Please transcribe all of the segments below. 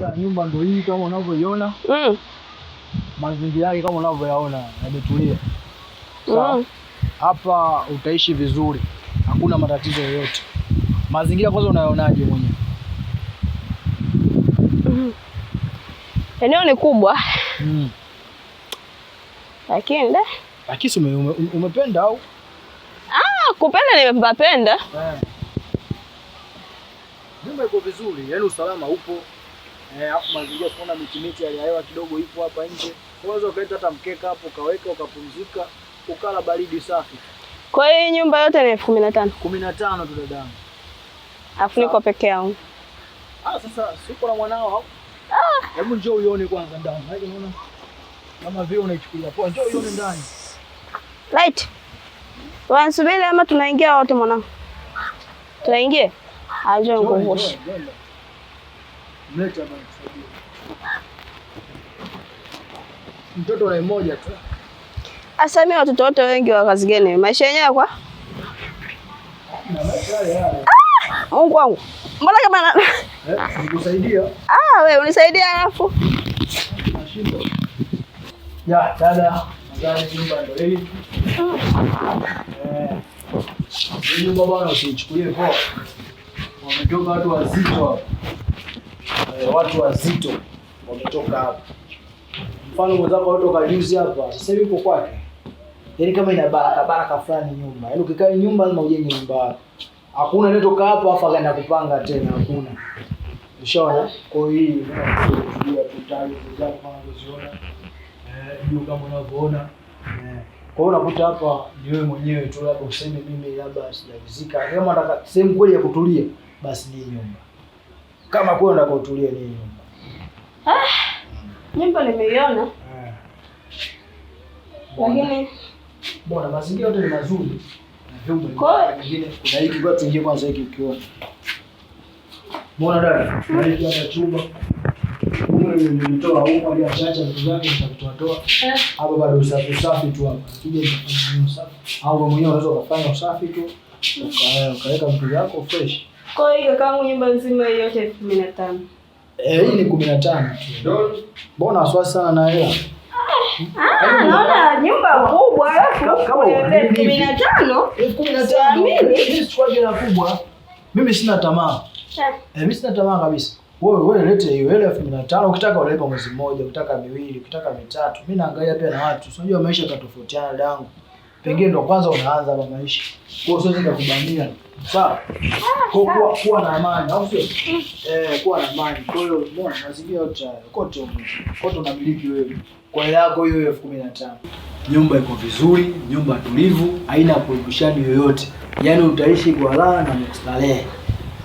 Sasa nyumba ndo hii kama unavyoiona mm. Mazingira yake kama unavyoyaona yametulia. Sawa. Mm. Hapa utaishi vizuri, hakuna matatizo yoyote. Mazingira kwanza unayonaje mwenyewe? mm. Eneo ni kubwa mm. lakini da lakini si ume, umependa au? Ah, kupenda nimepapenda. Eh. Nyumba iko vizuri, yaani usalama upo eh, afu mazingira kuna miti miti, ya hewa kidogo ipo hapa nje, unaweza ukaleta hata mkeka hapo ukaweka ukapumzika ukala baridi safi. Kwa hiyo nyumba yote ni elfu kumi na tano kumi na tano tu dadangu, afu niko peke yangu. Ah, sasa siko na mwanao. hapo. Ah, hebu njoo uione kwanza ndani, Hadi unaona kama vile unaichukulia poa. Njoo uione ndani right. Wanasubiri ama tunaingia wote mwanangu, tunaingia. Aje nguvushe mlete bwana, tusaidie mtoto wa mmoja tu. Asami, watoto wote wengi wa kazi gani? maisha yenyewe kwa ah, Mungu wangu mbona kama na... eh, nikusaidia. Ah, wewe unisaidia alafu ya dada nadhani nyumba ndio hii. Eh. Ni baba usichukulie poa. Wametoka watu wazito hapo eh, watu wazito wametoka hapa. Mfano mwenzako alitoka juzi hapa, sasa hivi uko kwake, yaani kama ina baraka baraka fulani nyumba, yaani ukikaa nyumba lazima ujenge nyumba. Hakuna netoka hapo afa kaenda kupanga tena, hakuna. Ushaona? Kwa hiyo hii ndio tutali zao kama unaziona eh, ndio kama unavyoona eh, kwa hiyo unakuta hapa ni wewe mwenyewe tu, labda useme mimi labda sijavizika, kama nataka sehemu kweli ya kutulia, basi ni nyumba kama kweli unataka utulie nini? Ah, nyimbo nimeiona. Ah. Lakini bora mazingira yote ni mazuri. Kwa hiyo kuna hiki kwa tuingie kwanza hiki ukiona. Mbona dada? Kuna hiki hapa chumba. Huyo nilitoa huko bila chacha vitu vyake nitakutoa toa. Eh. Hapo bado usafi usafi tu hapa. Kija nitafanya usafi. Au wewe mwenyewe unaweza kufanya usafi tu. Ukaweka vitu vyako fresh. Kwa hiyo kakaangu nyumba nzima hiyo yote elfu kumi na tano. Eh, hii ni kumi na tano. Mbona wasiwasi sana na hela? Ah, ah naona nyumba kubwa alafu kama na tano. Kumi na tano. kubwa. Mimi sina tamaa. Eh, mimi sina tamaa kabisa. Wewe wewe lete hiyo hela elfu kumi na tano ukitaka unalipa mwezi mmoja, ukitaka miwili, ukitaka mitatu. Mimi naangalia pia na watu. Unajua maisha yatatofautiana dangu pengine ndo kwanza unaanza kwa maisha, kwa hiyo siwezi nikakubania. Sawa, kwa kuwa na amani, au sio? Eh, kuwa na amani. Kwa hiyo mbona mazingira yote hayo kote kote unamiliki wewe kwa yako hiyo elfu kumi na tano. Nyumba iko vizuri, nyumba tulivu, haina kuibushani yoyote, yaani utaishi kwa raha na mkustarehe.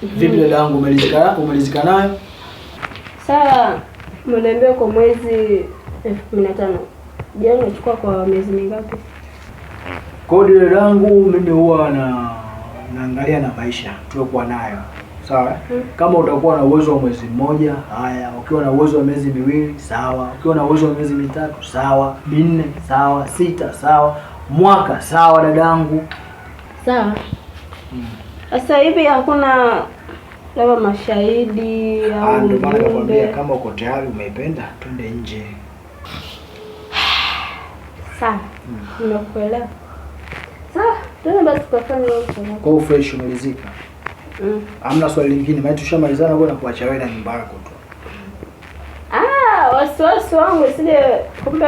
Vipi dada yangu, umelizika umelizika nayo? Sawa, mnaambia kwa mwezi elfu kumi na tano. Je, unachukua kwa miezi mingapi? kodi hiyo langu mimi huwa na naangalia na maisha tuliokuwa nayo sawa. Mm-hmm. Kama utakuwa na uwezo wa mwezi mmoja, haya. Ukiwa na uwezo wa miezi miwili, sawa. Ukiwa na uwezo wa miezi mitatu, sawa. Minne, sawa. Sita, sawa. Mwaka, sawa. Dadangu, sawa. Mm. Sasa hivi hakuna labda mashahidi ah, au ndio? Maana nakwambia kama uko tayari, umeipenda, twende nje. Sawa, mm. nimekuelewa. Ah, kwa hiyo fresh umelizika. Mm. swali lingine, maana tushamalizana bwana kuacha wewe na nyumba yako tu. Ah, wasiwasi wangu sije kumbe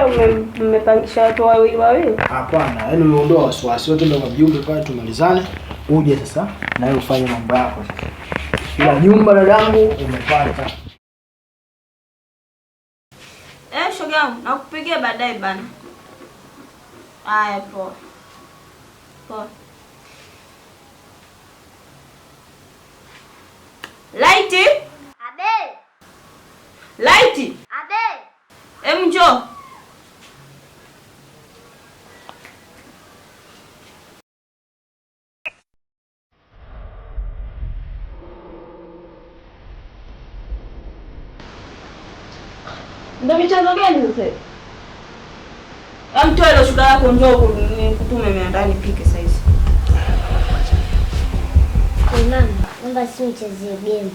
umepangisha watu wawili wawili. Hapana, yaani uliondoa wasiwasi wote ndio mjumbe kwa tumalizane uje sasa na wewe ufanye mambo yako sasa. Ila nyumba dadangu umepata. Eh, shoga, nakupigia baadaye bana. Haya poa. Poa. Laiti. Abel. Laiti. Abel. Hem, njoo. Ndio michezo gani sasa? Amtoe yaani ile yako, njoo mimi ndani pike. Mama, naomba si mchezee game.